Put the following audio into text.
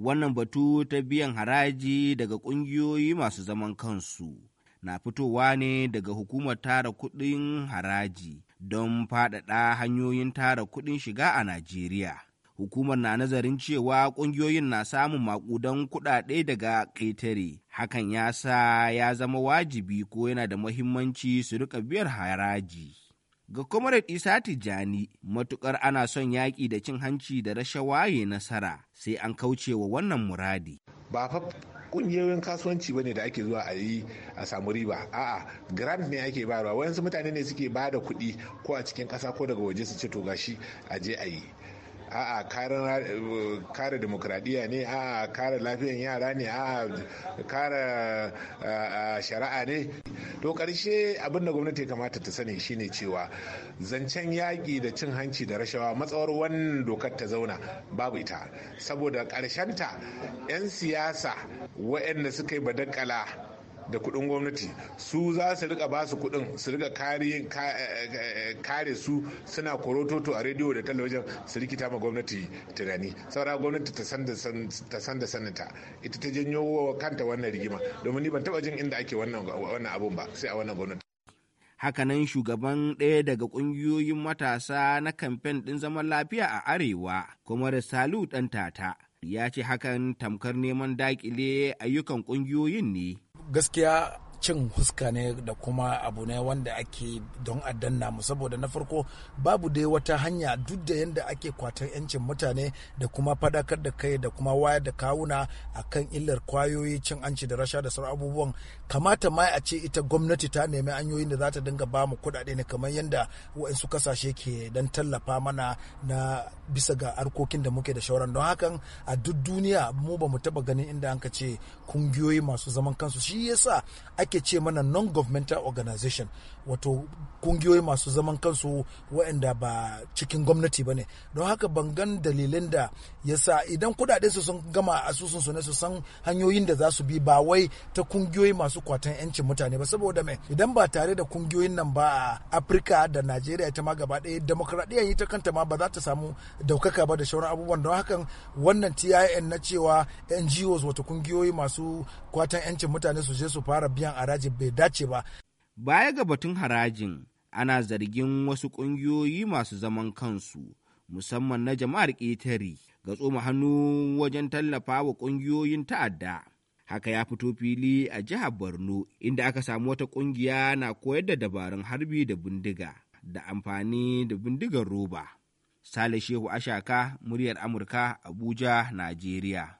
Wannan batu ta biyan haraji daga ƙungiyoyi masu zaman kansu na fitowa ne daga hukumar tara kuɗin haraji don faɗaɗa hanyoyin tara kuɗin shiga a Najeriya. Hukumar na nazarin cewa ƙungiyoyin na samun maƙudan kuɗaɗe daga ƙetare, hakan ya sa ya zama wajibi ko yana da muhimmanci su riƙa biyar haraji. Ga Comrade Isa Tijjani, matukar ana son yaƙi da cin hanci da rashawa ya nasara sai an kauce wa wannan muradi. Ba fa kungiyoyin kasuwanci bane da ake zuwa a yi a samu riba a'a grand ne ake bayarwa wayansu mutane ne suke bada kuɗi ko a cikin ƙasa ko daga waje su ce to gashi a je a yi a'a kare demokradiyya ne a'a kare lafiyan yara ne a'a kare shari'a ne to karshe abin da gwamnati kamata ta sani shine cewa zancen yaƙi da cin hanci da rashawa matsawar wannan dokar ta zauna babu ita saboda ta 'yan siyasa waɗanda suka yi badakala da kuɗin gwamnati su za su rika ba su kuɗin su rika eh, eh, kare su suna korototo a rediyo da talabijin su rikita ma gwamnati tunani saura gwamnati ta san da sanata ita ta janyo wa kanta wannan rigima domin ni ban taɓa jin inda ake wannan abun ba sai a wannan gwamnati hakanan shugaban ɗaya daga ƙungiyoyin matasa na kamfen ɗin zaman lafiya a arewa kuma da salu ɗan tata ya ce hakan tamkar neman dakile ayyukan ƙungiyoyin ne gaskiya cin huska ne da kuma abu ne wanda ake don a danna mu saboda na farko babu dai wata hanya duk da yadda ake kwatar 'yancin mutane da kuma fadakar da kai da kuma wayar da kawuna a kan illar kwayoyi cin anci da rasha da sauran abubuwan kamata ma a ce ita gwamnati ta nemi hanyoyin da za ta dinga ba mu kuɗaɗe ne kamar yadda wa'insu kasashe ke don tallafa mana na bisa ga harkokin da muke da shauran don hakan a duk duniya mu ba mu taɓa ganin inda an ka ce kungiyoyi masu zaman kansu shi yasa ake ce mana non-governmental organization wato kungiyoyi masu zaman kansu waɗanda ba cikin gwamnati ba ne don haka bangan dalilin da ya sa idan kudaden su sun gama asusun su ne su san hanyoyin da za su bi ba wai ta kungiyoyi masu kwatan yancin mutane ba saboda mai idan ba tare da kungiyoyin nan ba a afirka da najeriya ita ma gaba ɗaya ta ita kanta ma ba za ta samu daukaka ba da shauran abubuwan don hakan wannan tin na cewa ngos wato kungiyoyi masu kwatan yancin mutane su je su fara biyan harajin bai dace ba. Baya ga batun harajin, ana zargin wasu ƙungiyoyi masu zaman kansu, musamman na jama'ar ƙetare, ga tsoma hannu wajen tallafa wa ƙungiyoyin ta'adda. Haka ya fito fili a jihar Borno, inda aka samu wata ƙungiya na koyar da dabarun harbi da bindiga, da amfani da bindigar roba. Sale Shehu Ashaka, muryar Amurka, Abuja, Najeriya.